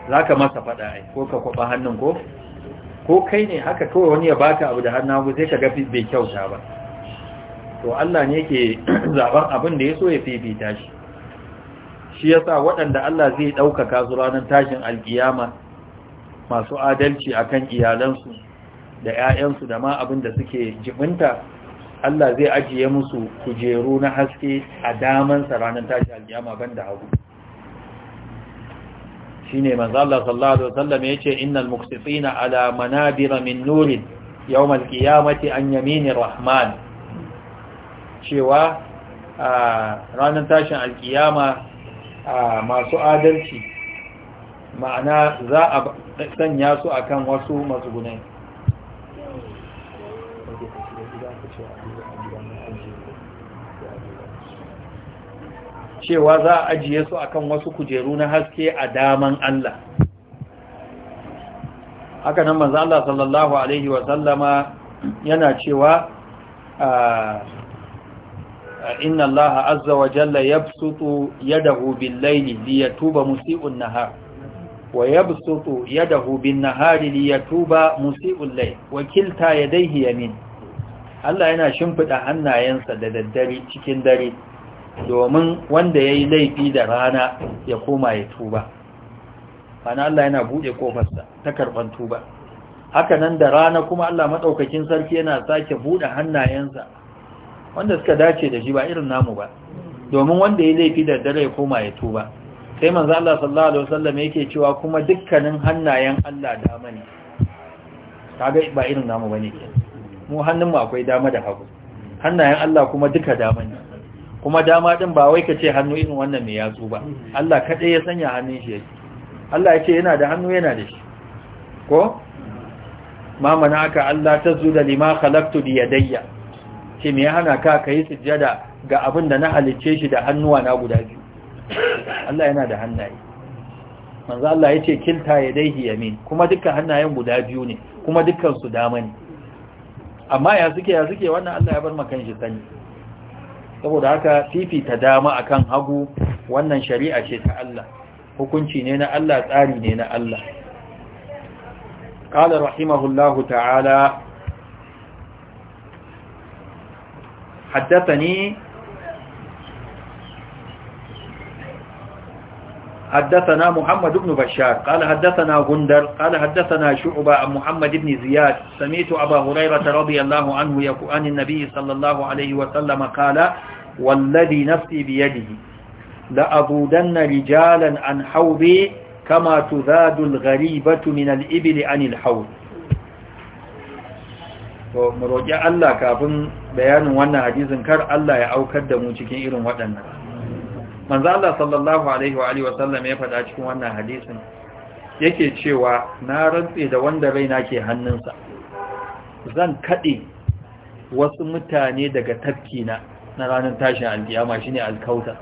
za ka masa faɗa ai ko ka kwaɓa hannun ko ko kai ne haka kawai wani ya baka abu da hannun hagu sai ka gafi bai kyauta ba to Allah ne yake zaɓar abin da ya so ya fifita shi shi yasa waɗanda Allah zai ɗaukaka su ranar tashin alkiyama masu adalci akan iyalansu da 'ya'yansu da ma abin da suke jibinta Allah zai ajiye musu kujeru na haske a damansa ranar tashin alkiyama banda hagu ne manzo Allah sallallahu alaihi wasallam yace innal muqsitina ala alamana min nurin yau alqiyamati an yamini rahman cewa ranar tashin alkiyama A masu adalci ma'ana za a sanya su akan wasu matsugunai cewa za a ajiye su akan wasu kujeru na haske a daman Allah haka nan manzo Allah sallallahu alaihi wa yana cewa inna allaha azza wa jalla yabsutu yadahu bil layli liyatuba musii'un nahar wa yabsutu yadahu bin nahari liyatuba musii'ul layl wa kilta yadayhi yamin Allah yana shimfida hannayensa da daddare cikin dare domin wanda yayi laifi da rana ya koma ya tuba ana Allah yana bude kofarsa ta karban tuba haka nan da rana kuma Allah madaukakin sarki yana sake bude hannayensa wanda suka dace da shi ba irin namu ba domin wanda ya laifi da dare ya koma ya tuba sai manzo Allah sallallahu alaihi wasallam yake cewa kuma dukkanin hannayen Allah dama ne kaga ba irin namu bane ke mu hannun mu akwai dama da hagu hannayen Allah kuma duka dama ne kuma dama din ba wai kace hannu irin wannan mai yatsu ba Allah kadai ya sanya hannun shi yake Allah ya ce yana da hannu yana da shi ko ma manaka Allah da lima khalaqtu bi yadayya ce me ya hana ka ka yi sujjada ga abin da na halicce shi da hannuwa na guda biyu Allah yana da hannaye manzo Allah yace kilta ya ya yamin kuma dukkan hannayen guda biyu ne kuma dukkan su dama ne amma ya suke ya suke wannan Allah ya bar makan shi sani saboda haka fifita dama akan hagu wannan shari'a ce ta Allah hukunci ne na Allah tsari ne na Allah قال رحمه الله تعالى حدثني حدثنا محمد بن بشار قال حدثنا غندر قال حدثنا شعبة عن محمد بن زياد سمعت أبا هريرة رضي الله عنه يقول عن النبي صلى الله عليه وسلم قال والذي نفسي بيده لأبودن رجالا عن حوضي كما تذاد الغريبة من الإبل عن الحوض to mu roƙi Allah kafin bayanin wannan hadisin kar Allah ya aukar da mu cikin irin waɗannan manzo Allah sallallahu alaihi wa alihi wasallam ya faɗa cikin wannan hadisin yake cewa na rantse da wanda raina ke hannunsa zan kaɗe wasu mutane daga tafki na na ranar tashin alkiyama shine alkauta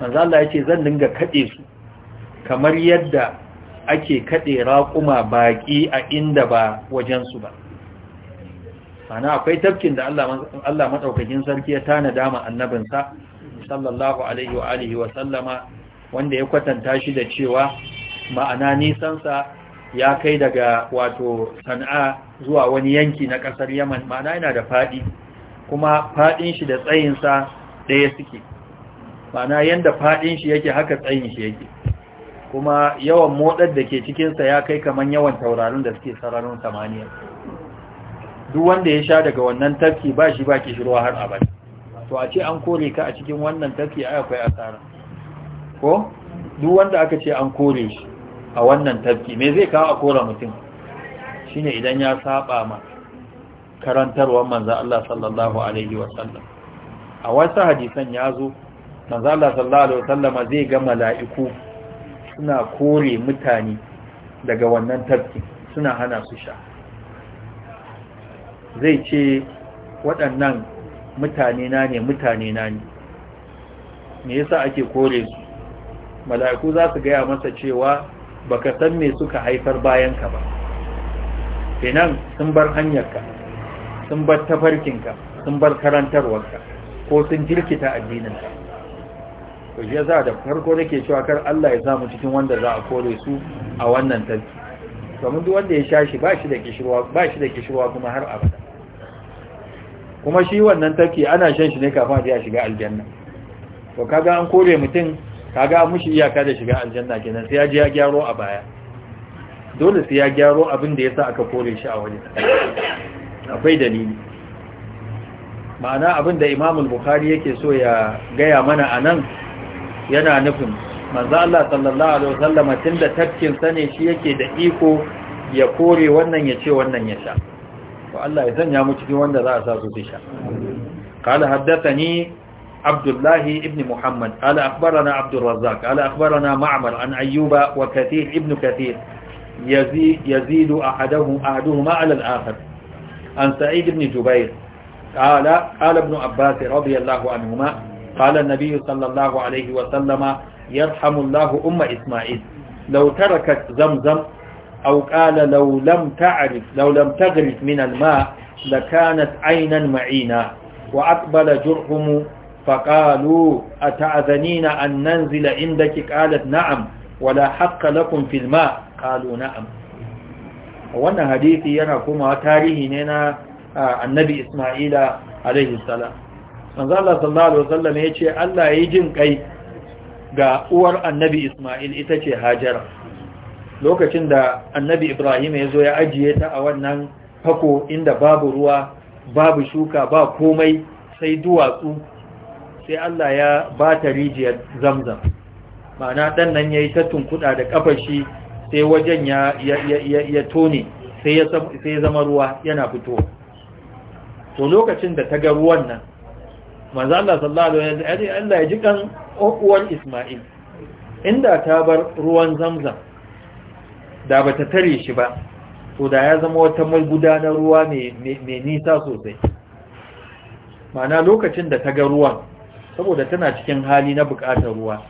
manzo Allah yace zan dinga kaɗe su kamar yadda ake kaɗe raƙuma baƙi a inda ba wajen su ba ana akwai tafkin da Allah maɗaukakin sarki ya tana dama annabinsa sallallahu alaihi wa alihi wa sallama wanda ya kwatanta shi da cewa ma'ana nisansa ya kai daga wato sana'a zuwa wani yanki na ƙasar yaman ma'ana yana da faɗi kuma faɗin shi da tsayinsa ɗaya suke ma'ana yadda faɗin shi yake haka tsayin shi yake kuma yawan motsar da ke cikinsa ya kai kamar yawan taurarin da suke sararin samaniya duk wanda ya sha daga wannan tafki ba shi ba kishirwa har abada to a ce an kore ka a cikin wannan tafki ai akwai asara ko duk wanda aka ce an kore shi a wannan tafki me zai kawo a kore mutum shine idan ya saba ma karantarwar manzo Allah sallallahu alaihi wasallam a wasu hadisan ya zo manzo Allah sallallahu alaihi wasallam zai ga mala'iku suna kore mutane daga wannan tafki suna hana su sha zai ce waɗannan mutane na ne mutane na ne me yasa ake kore su mala'iku za su gaya masa cewa baka san me suka haifar bayanka ba kenan sun bar hanyarka sun bar tafarkinka sun bar karantarwarka ko sun jirkita addininka to shi yasa da farko nake cewa kar Allah ya samu cikin wanda za a kore su a wannan tafi kamar duk wanda ya sha shi ba shi da kishirwa ba shi da kishirwa kuma har abada kuma shi wannan tafki ana shan shi ne kafin a ya shiga aljanna to kaga an kore mutum kaga an mushi iyaka da shiga aljanna kenan sai ya ji ya gyaro a baya dole sai ya gyaro abin da yasa aka kore shi a waje akwai dalili ma'ana abin da Imam Bukhari yake so ya gaya mana anan yana nufin manzo Allah sallallahu alaihi wasallam tunda tafkin sane shi yake da iko ya kore wannan ya ce wannan ya sha Allah ya sanya mu cikin wanda za a sa su sha qala haddathani Abdullah ibn Muhammad qala akhbarana Abdul Razzaq qala akhbarana Ma'mar an Ayyuba wa Kathir ibn Kathir يزيد, يزيد أحدهم أحدهما على الآخر عن سعيد بن جبير قال قال ابن عباس رضي الله عنهما قال النبي صلى الله عليه وسلم يرحم الله أم إسماعيل لو تركت زمزم أو قال لو لم تعرف لو لم تغرف من الماء لكانت عينا معينا وأقبل جرهم فقالوا أتأذنين أن ننزل عندك قالت نعم ولا حق لكم في الماء قالوا نعم wannan hadisi yana kuma tarihi ne na annabi Isma'ila alaihi salam manzo Allah sallallahu alaihi wasallam yace Allah yayi jin kai ga uwar annabi Isma'il ita ce Hajara lokacin da annabi ibrahim ya zo ya ajiye ta a wannan fako inda babu ruwa babu shuka ba komai sai duwatsu sai allah ya ba ta rijiyar zamzam ma'ana ɗan nan ya yi ta kuɗa da ƙafar shi sai wajen ya tone sai ya zama ruwa yana fito to lokacin da ta ga ruwan nan manzo Allah sallallahu alaihi wasallam Allah ya ji kan uwan Isma'il inda ta bar ruwan zamzam da ba ta tare shi ba to da ya zama wata magudanar ruwa mai nisa sosai mana lokacin da ta ga ruwan saboda tana cikin hali na bukatar ruwa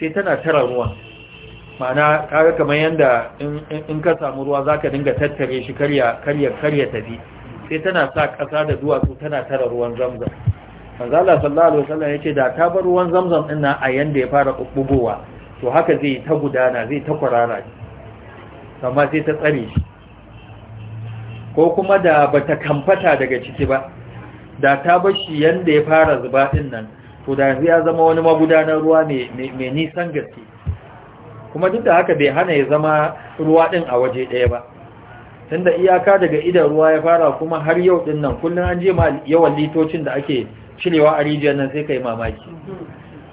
sai tana tara ruwan mana kaga kamar yanda in ka samu ruwa za ka dinga tattare shi karya tafi sai tana sa ƙasa da duwatsu tana tara ruwan zamzam manzala sallallahu alaihi wasallam yace da ta bar ruwan zamzam din nan a yanda ya fara bugowa to haka zai ta gudana zai ta kwarara amma sai ta tsare shi ko kuma da bata kamfata daga ciki ba da ta bashi yanda ya fara zuba din nan to da yanzu ya zama wani magudanar ruwa mai nisan gaske kuma duk da haka bai hana ya zama ruwa din a waje ɗaya ba tunda iyaka daga idan ruwa ya fara kuma har yau ɗin nan kullum an je ma yawan litocin da ake cirewa a rijiyar nan sai ka yi mamaki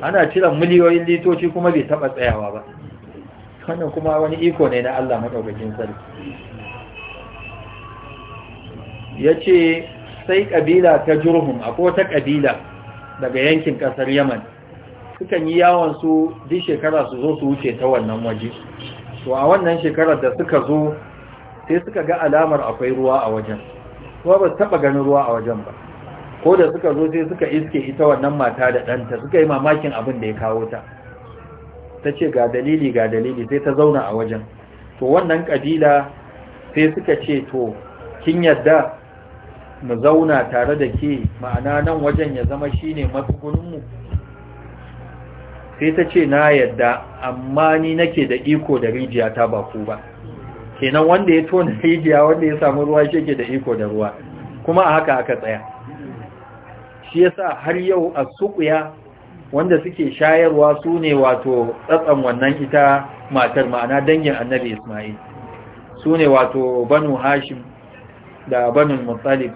ana cire miliyoyin litoci kuma bai taɓa tsayawa ba wannan kuma wani iko ne na Allah maɗaukakin sarki ya ce sai ƙabila ta jurhum ko ta ƙabila daga yankin ƙasar yaman sukan yi yawon su duk shekara su zo su wuce ta wannan waje to a wannan shekarar da suka zo sai suka ga alamar akwai ruwa a wajen kuma ba su taɓa ganin ruwa a wajen ba ko da suka zo sai suka iske ita wannan mata da ɗanta suka yi mamakin abin da ya kawo ta ta ce ga dalili ga dalili sai ta zauna a wajen to wannan kabila sai suka ce to kin yadda mu zauna tare da ke ma'ana nan wajen ya zama shine mu sai ta ce na yadda amma ni nake da iko da rijiya ta ba ba kenan wanda ya tona rijiya wanda ya samu ruwa shi yake da iko da ruwa kuma a haka aka tsaya shi yasa har yau a suƙuya wanda suke shayarwa su ne wato tsatsan wannan ita matar ma'ana dangin annabi Ismail su ne wato banu hashim da banu mutsalib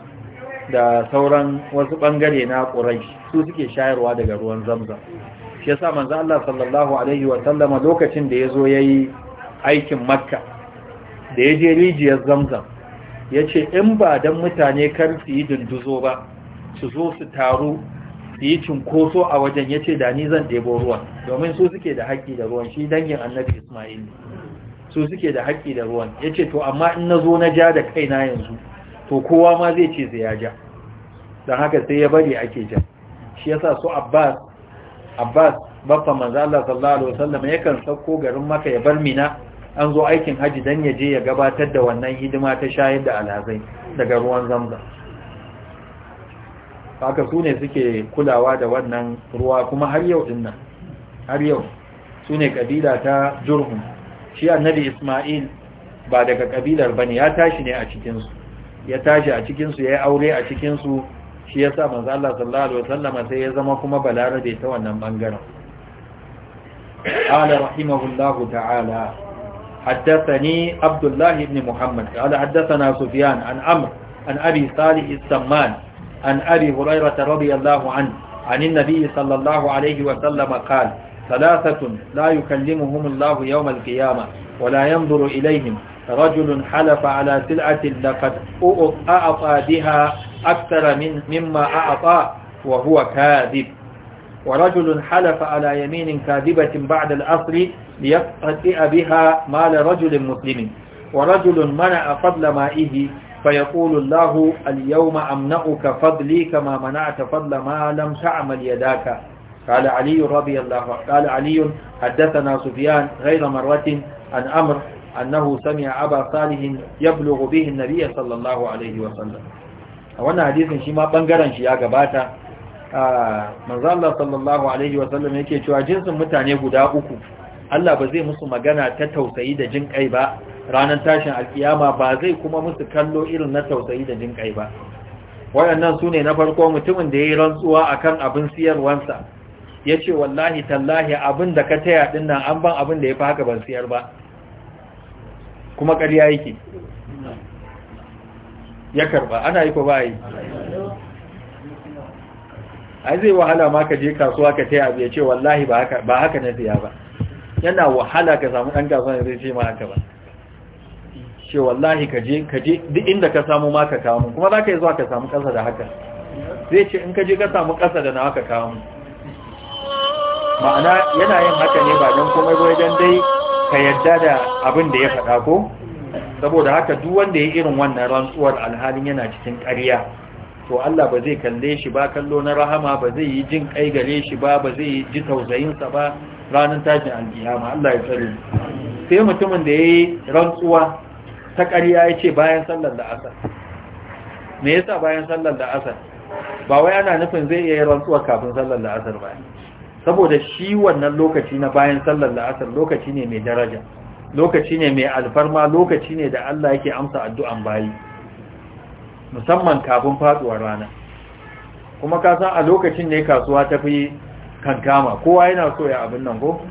da sauran wasu bangare na ƙurai su suke shayarwa daga ruwan zamzam shi yasa manzo Allah sallallahu alaihi wa sallama lokacin da yazo yayi aikin makka da ya je rijiyar zamzam ya ce in ba dan mutane kar su yi dunduzo ba su zo su taru su yi cinkoso a wajen ya ce da ni zan ɗebo ruwan domin su suke da haƙƙi da ruwan shi dangin annabi ismail su suke da haƙƙi da ruwan ya ce to amma in na zo na ja da kaina yanzu to kowa ma zai ce sai ya ja don haka sai ya bari ake ja shi yasa su abbas abbas baffa manzo Allah sallallahu alaihi wasallam yakan sauko garin maka ya bar mina an zo aikin haji dan ya je ya gabatar da wannan hidima ta shayar da alhazai daga ruwan zamzam haka su ne suke kulawa da wannan ruwa kuma har yau din nan har yau su ne kabila ta jurhum shi annabi ismail ba daga kabilar ba ne ya tashi ne a cikinsu ya tashi a cikinsu ya yi aure a cikinsu shi ya sa manzo Allah sallallahu alaihi wasallama sai ya zama kuma balarabe ta wannan bangaren قال رحمه الله تعالى حدثني عبد الله بن محمد قال حدثنا سفيان عن عمرو عن ابي صالح السمان عن أبي هريرة رضي الله عنه عن النبي صلى الله عليه وسلم قال ثلاثة لا يكلمهم الله يوم القيامة ولا ينظر إليهم رجل حلف على سلعة لقد أعطى بها أكثر من مما أعطى وهو كاذب ورجل حلف على يمين كاذبة بعد الأصل ليقتئ بها مال رجل مسلم ورجل منع فضل مائه فيقول الله اليوم أمنعك فضلي كما منعت فضل ما لم تعمل يداك قال علي رضي الله قال علي حدثنا سفيان غير مرة عن أمر أنه سمع أبا صالح يبلغ به النبي صلى الله عليه وسلم وانا حديث شما بنغران شيا غباتا manzo Allah sallallahu alaihi wasallam yake cewa jinsin mutane guda uku Allah ba zai musu magana ta tausayi da jin ƙai ba ranar tashin alkiyama ba zai kuma musu kallo irin na tausayi da jin ƙai ba waɗannan su ne na farko mutumin da ya yi rantsuwa a kan abin siyarwansa ya ce wallahi tallahi abin da ka taya ɗin nan an ban abin da ya fi haka ban siyar ba kuma ƙarya yake ya karba ana yi ko ba yi ai zai wahala ma ka je kasuwa ka taya abu ya ce wallahi ba haka na siya ba yana wahala ka samu ɗan kasuwa zai ce ma haka ba ce wallahi ka je ka je duk inda ka samu ma ka kawo kuma za ka yi zuwa ka samu ƙasa da haka zai ce in ka je ka samu ƙasa da na haka kawo ma'ana yana yin haka ne ba don komai ba don dai ka yadda da abin da ya faɗa ko saboda haka duk wanda ya irin wannan rantsuwar alhalin yana cikin ƙarya to Allah ba zai kalle shi ba kallo na rahama ba zai yi jin kai gare shi ba ba zai ji tausayinsa ba ranar tashin alkiyama Allah ya tsare sai mutumin da ya yi rantsuwa ta ƙarya ya ce bayan sallar da asar me yasa bayan sallar da asar ba wai ana nufin zai iya rantsuwa kafin sallar da asar ba saboda shi wannan lokaci na bayan sallar da asar lokaci ne mai daraja lokaci ne mai alfarma lokaci ne da Allah yake amsa addu'an bayi musamman kafin faduwar rana kuma ka san a lokacin ne kasuwa ta fi kan kama kowa yana so ya abin nan ko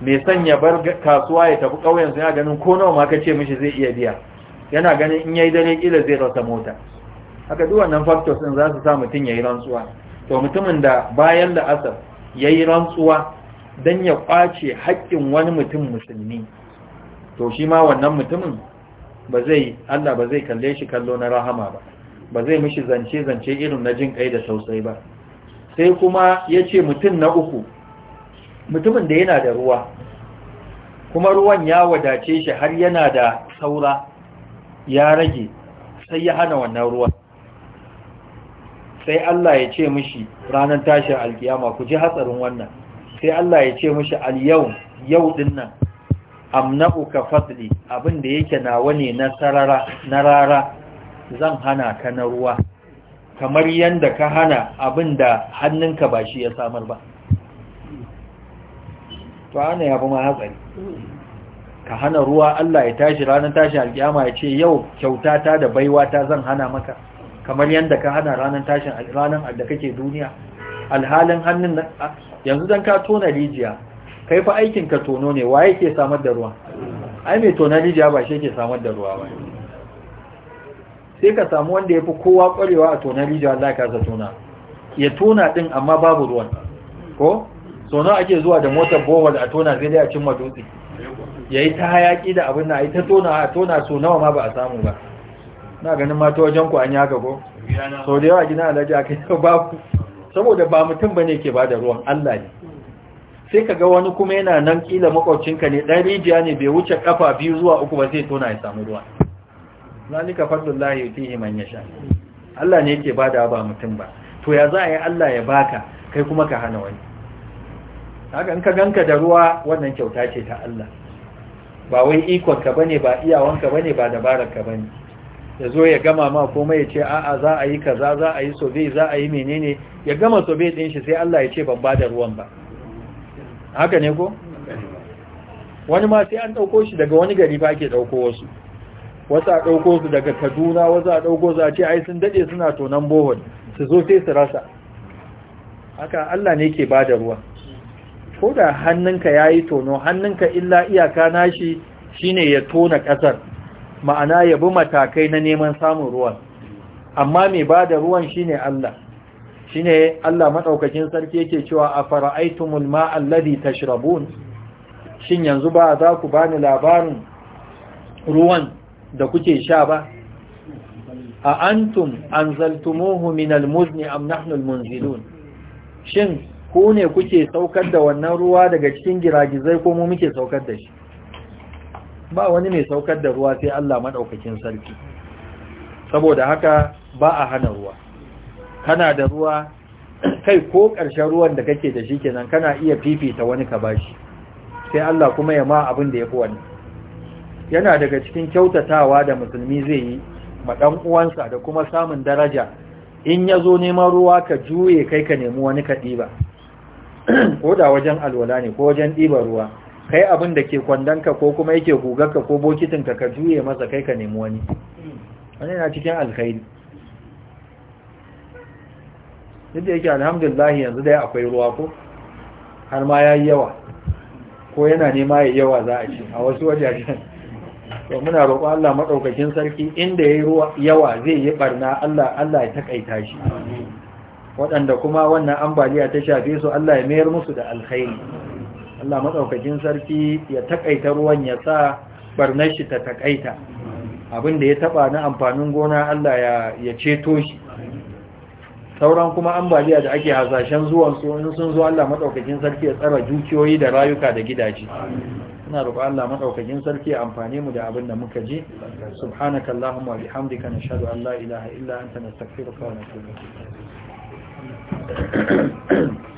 mai son ya bar kasuwa ya tafi ƙauyensu ya ganin ko nawa ma ka ce mishi zai iya biya yana ganin in yayi dare kila zai rasa mota haka duk wannan factors din za su sa mutum ya yi rantsuwa to mutumin da bayan da asar yayi rantsuwa dan ya kwace haƙƙin wani mutum musulmi to shi ma wannan mutumin ba zai Allah ba zai kalle shi kallo na rahama ba ba zai mishi zance zance irin na jin kai da sosai ba sai kuma ya ce mutum na uku mutumin da yana da ruwa kuma ruwan ya wadace shi har yana da saura ya rage sai ya hana wannan ruwan sai Allah ya ce mishi ranar tashin alkiyama ku ji hatsarin wannan sai Allah ya ce mishi alyau yau din nan amna'uka fadli abin da yake nawa ne na sarara na rara zan hana ka na ruwa kamar yadda ka hana abin da hannunka ba shi ya samar ba to ana ya fi ma hatsari ka hana ruwa Allah ya tashi ranar tashi alkiyama ya ce yau kyautata da baiwata ta zan hana maka kamar yadda ka hana ranar tashin ranar da kake duniya alhalin hannun yanzu dan ka tona rijiya kai fa aikinka tono ne waye ke samar da ruwa ai mai tona rijiya ba shi yake samar da ruwa ba sai ka samu wanda ya fi kowa ƙwarewa a tonar rijiya Allah ka kasa tona ya tona ɗin amma babu ruwan ko sono ake zuwa da motar bohol a tona sai dai a cimma dutse ya yi ta hayaƙi da abin na yi ta tona a tona so nawa ma ba a samu ba na ganin mata wajen ku an yi haka ko sau da yawa gina alhaji a kai yi babu saboda ba mutum ba ne ke ba da ruwan Allah ne sai ka ga wani kuma yana nan ƙila makwacinka ne ɗan rijiya ne bai wuce ƙafa biyu zuwa uku ba sai tona ya samu ruwan zalika fadlullahi yutihi man yasha Allah ne yake bada ba mutum ba to ya za a yi Allah ya baka kai kuma ka hana wani haka in ka ganka da ruwa wannan kyauta ce ta Allah ba wai ikon ka bane ba iyawan ka bane ba dabarar ka bane ya zo ya gama ma komai ya ce a'a za a yi kaza za a yi sobe za a yi menene ya gama sobe din shi sai Allah ya ce ban bada ruwan ba haka ne ko wani ma sai an ɗauko shi daga wani gari ba ke ɗauko wasu wasu a ɗauko su daga kaduna wasu a ɗauko su a ce ai sun daɗe suna tonan bohol su zo sai su rasa haka Allah ne ke ba da ruwa ko da hannunka ya yi tono hannunka illa iyaka nashi shine ya tona ƙasar ma'ana ya bi matakai na neman samun ruwan amma mai ba da ruwan shine Allah shine Allah maɗaukacin sarki yake cewa a fara'aitumul ta shirabun? shin yanzu ba za ku bani labarin ruwan da kuke sha ba a antum anzaltumuhu min almuzni am nahnu almunzilun shin ku ne kuke saukar da wannan ruwa daga cikin giragizai ko mu muke saukar da shi ba wani mai saukar da ruwa sai Allah madaukakin sarki saboda haka ba a hana ruwa kana da ruwa kai ko ƙarshen ruwan da kake da shi kenan kana iya fifita wani ka bashi sai Allah kuma ya ma abin da ya fi wannan yana daga cikin kyautatawa da musulmi zai yi ma ɗan uwansa da kuma samun daraja in ya zo neman ruwa ka juye kai ka nemi wani ka ɗiba ko da wajen alwala ne ko wajen ɗiba ruwa kai abin da ke kwandonka ko kuma yake gugarka ko bokitinka ka juye masa kai ka nemi wani wani yana cikin alkhairi duk yake alhamdulillah yanzu dai akwai ruwa ko har ma ya yi yawa ko yana nema ya yawa za a ce a wasu wajajen to muna roƙo Allah madaukakin sarki inda yayi ruwa yawa zai yi barna Allah Allah ya takaita shi waɗanda kuma wannan ambaliya ta shafe su Allah ya mayar musu da alkhairi Allah madaukakin sarki ya takaita ruwan ya sa barnar shi ta takaita abin da ya taba na amfanin gona Allah ya ceto shi sauran kuma ambaliya da ake hasashen zuwan su in sun zo Allah madaukakin sarki ya tsara dukiyoyi da rayuka da gidaje muna roƙon Allah madaukakin sarki a amfani mu da abin da muka ji subhanaka allahumma wa bihamdika nashhadu an la ilaha illa anta nastaghfiruka wa natubu